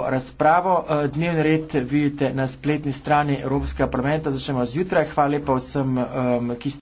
tematsko razpravo. Eh, dnevni red vidite na spletni strani Evropskega parlamenta. Začnemo zjutraj. Hvala lepa vsem, eh, ki ste.